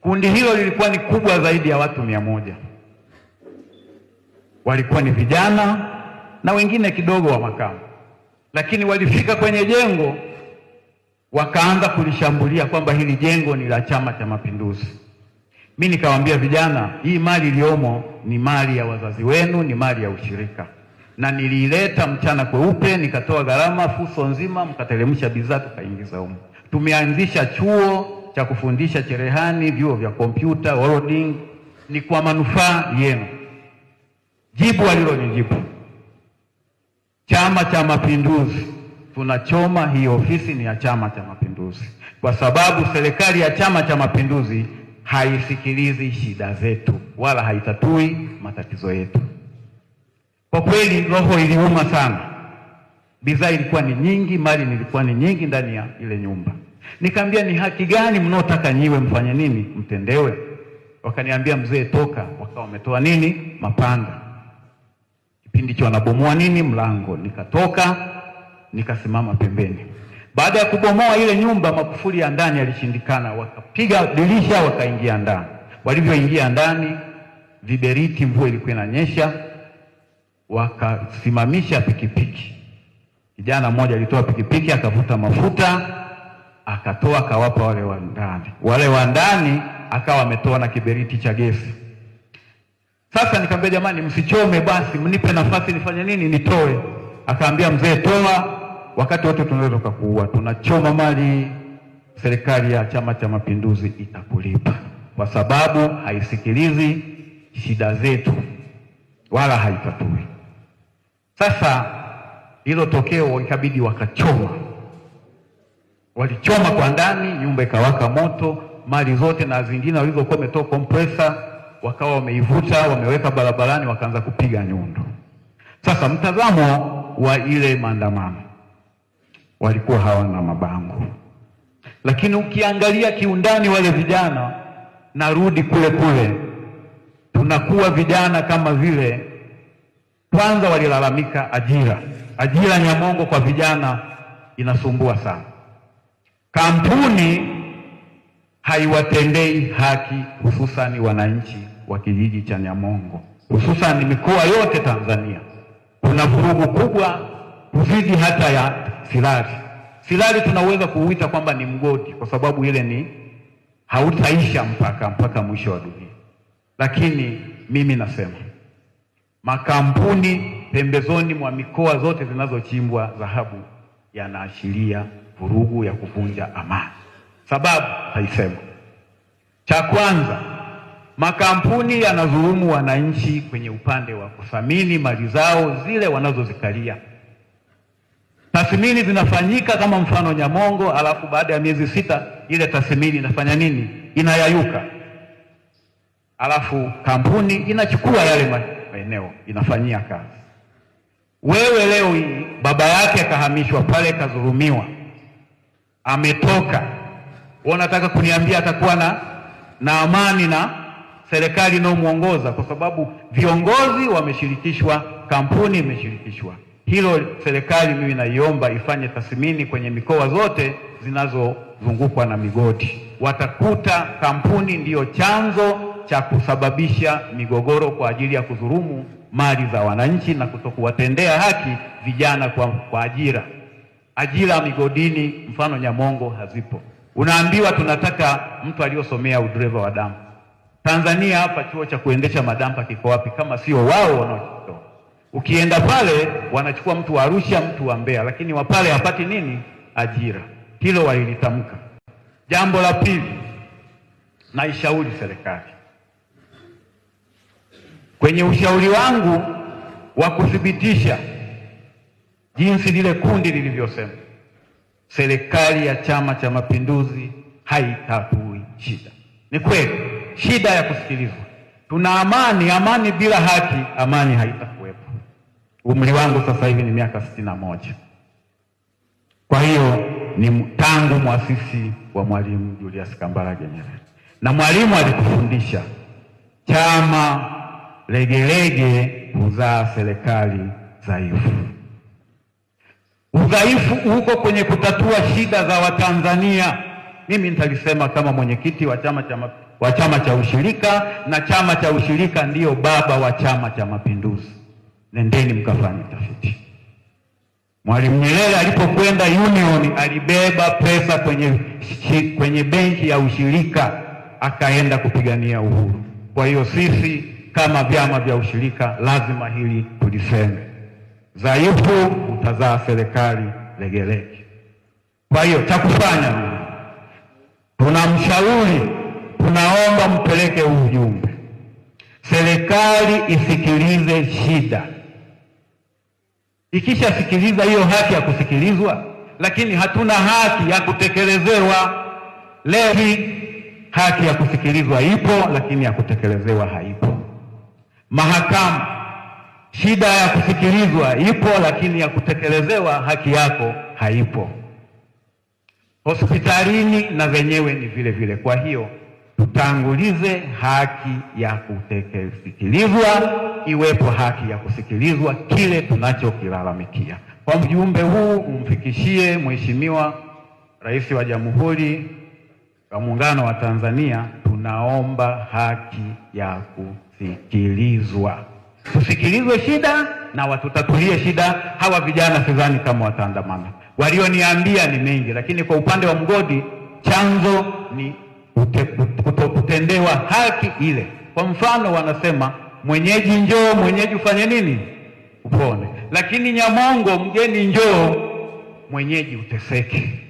Kundi hilo lilikuwa ni kubwa zaidi ya watu mia moja, walikuwa ni vijana na wengine kidogo wa makamu, lakini walifika kwenye jengo wakaanza kulishambulia kwamba hili jengo ni la Chama cha Mapinduzi. Mi nikawaambia vijana, hii mali iliyomo ni mali ya wazazi wenu, ni mali ya ushirika, na niliileta mchana kweupe, nikatoa gharama, fuso nzima, mkateremsha bidhaa tukaingiza humo. Tumeanzisha chuo cha kufundisha cherehani, vyuo vya kompyuta, welding ni kwa manufaa yenu. Jibu jibu Chama cha Mapinduzi, tunachoma hii ofisi ni ya Chama cha Mapinduzi, kwa sababu serikali ya Chama cha Mapinduzi haisikilizi shida zetu wala haitatui matatizo yetu. Kwa kweli roho iliuma sana, bidhaa ilikuwa ni nyingi, mali nilikuwa ni nyingi ndani ya ile nyumba. Nikamwambia, ni haki gani mnaotaka nyiwe mfanye nini mtendewe? Wakaniambia, mzee toka. Wakawa wametoa nini mapanga, kipindi cha wanabomoa nini mlango. Nikatoka nikasimama pembeni. Baada ya kubomoa ile nyumba, makufuli ya ndani yalishindikana, wakapiga dirisha, wakaingia ndani. Walivyoingia ndani, viberiti, mvua ilikuwa inanyesha, wakasimamisha pikipiki. Kijana mmoja alitoa pikipiki akavuta mafuta akatoa akawapa wale wa ndani, wale wa ndani akawa ametoa na kiberiti cha gesi. Sasa nikamwambia jamani, msichome basi, mnipe nafasi nifanye nini, nitoe. Akaambia mzee, toa, wakati wote tunaweza tukakuua, tunachoma mali, serikali ya Chama cha Mapinduzi itakulipa kwa sababu haisikilizi shida zetu wala haitatui. Sasa hilo tokeo ikabidi wakachoma Walichoma kwa ndani, nyumba ikawaka moto, mali zote na zingine walizokuwa wametoa kompresa wakawa wameivuta wameweka barabarani, wakaanza kupiga nyundo. Sasa mtazamo wa ile maandamano, walikuwa hawana mabango, lakini ukiangalia kiundani, wale vijana, narudi kule kule, tunakuwa vijana kama vile kwanza walilalamika ajira, ajira Nyamongo kwa vijana inasumbua sana. Kampuni haiwatendei haki hususani wananchi wa kijiji cha Nyamongo, hususani mikoa yote Tanzania. Kuna vurugu kubwa kuzidi hata ya silari silari. tunaweza kuuita kwamba ni mgodi, kwa sababu ile ni hautaisha mpaka mpaka mwisho wa dunia. Lakini mimi nasema makampuni pembezoni mwa mikoa zote zinazochimbwa dhahabu yanaashiria vurugu ya kuvunja amani. Sababu haisema. Cha kwanza, makampuni yanadhulumu wananchi kwenye upande wa kuthamini mali zao zile wanazozikalia. Tathmini zinafanyika kama mfano Nyamongo, alafu baada ya miezi sita ile tathmini inafanya nini? Inayayuka, alafu kampuni inachukua yale maeneo inafanyia kazi. Wewe leo baba yake akahamishwa pale, kazulumiwa ametoka, wanataka kuniambia atakuwa na, na amani na serikali inayomwongoza kwa sababu viongozi wameshirikishwa, kampuni imeshirikishwa. Hilo serikali mimi naiomba ifanye tathmini kwenye mikoa zote zinazozungukwa na migodi, watakuta kampuni ndiyo chanzo cha kusababisha migogoro kwa ajili ya kudhulumu mali za wananchi na kutokuwatendea haki vijana kwa, kwa ajira ajira migodini, mfano Nyamongo, hazipo. Unaambiwa tunataka mtu aliyosomea udereva wa dampa. Tanzania hapa chuo cha kuendesha madampa kiko wapi kama sio wao wanaotoa? Ukienda pale wanachukua mtu wa Arusha, mtu wa Mbeya, lakini wa pale hapati nini? Ajira. Hilo walilitamka. Jambo la pili, naishauri serikali kwenye ushauri wangu wa kuthibitisha jinsi lile kundi lilivyosema, serikali ya Chama cha Mapinduzi haitatui shida. Ni kweli shida ya kusikilizwa, tuna amani. Amani bila haki, amani haitakuwepo. Umri wangu sasa hivi ni miaka sitini na moja. Kwa hiyo ni tangu mwasisi wa Mwalimu Julius Kambarage Nyerere, na Mwalimu alikufundisha chama legelege huzaa serikali dhaifu. Udhaifu uko kwenye kutatua shida za Watanzania. Mimi nitalisema kama mwenyekiti wa chama cha wa chama cha ushirika, na chama cha ushirika ndiyo baba wa Chama cha Mapinduzi. Nendeni mkafanye tafiti. Mwalimu Nyerere alipokwenda Union alibeba pesa kwenye, kwenye benki ya ushirika akaenda kupigania uhuru. Kwa hiyo sisi kama vyama vya ushirika lazima hili tuliseme dhaifu utazaa serikali legelege. Kwa hiyo cha kufanya, tunamshauri tunaomba mpeleke ujumbe, serikali isikilize shida. Ikishasikiliza hiyo haki ya kusikilizwa, lakini hatuna haki ya kutekelezewa. Leo haki ya kusikilizwa ipo, lakini ya kutekelezewa haipo. Mahakama Shida ya kusikilizwa ipo, lakini ya kutekelezewa haki yako haipo. Hospitalini na zenyewe ni vile vile. Kwa hiyo tutangulize haki ya kutekelezwa, iwepo haki ya kusikilizwa kile tunachokilalamikia. Kwa mjumbe huu umfikishie Mheshimiwa Rais wa Jamhuri ya Muungano wa Tanzania, tunaomba haki ya kusikilizwa tusikilizwe shida na watutatulie shida. Hawa vijana sidhani kama wataandamana, walioniambia ni mengi, lakini kwa upande wa mgodi chanzo ni kutendewa haki ile. Kwa mfano, wanasema mwenyeji njoo, mwenyeji ufanye nini? Upone. Lakini Nyamongo, mgeni njoo, mwenyeji uteseke.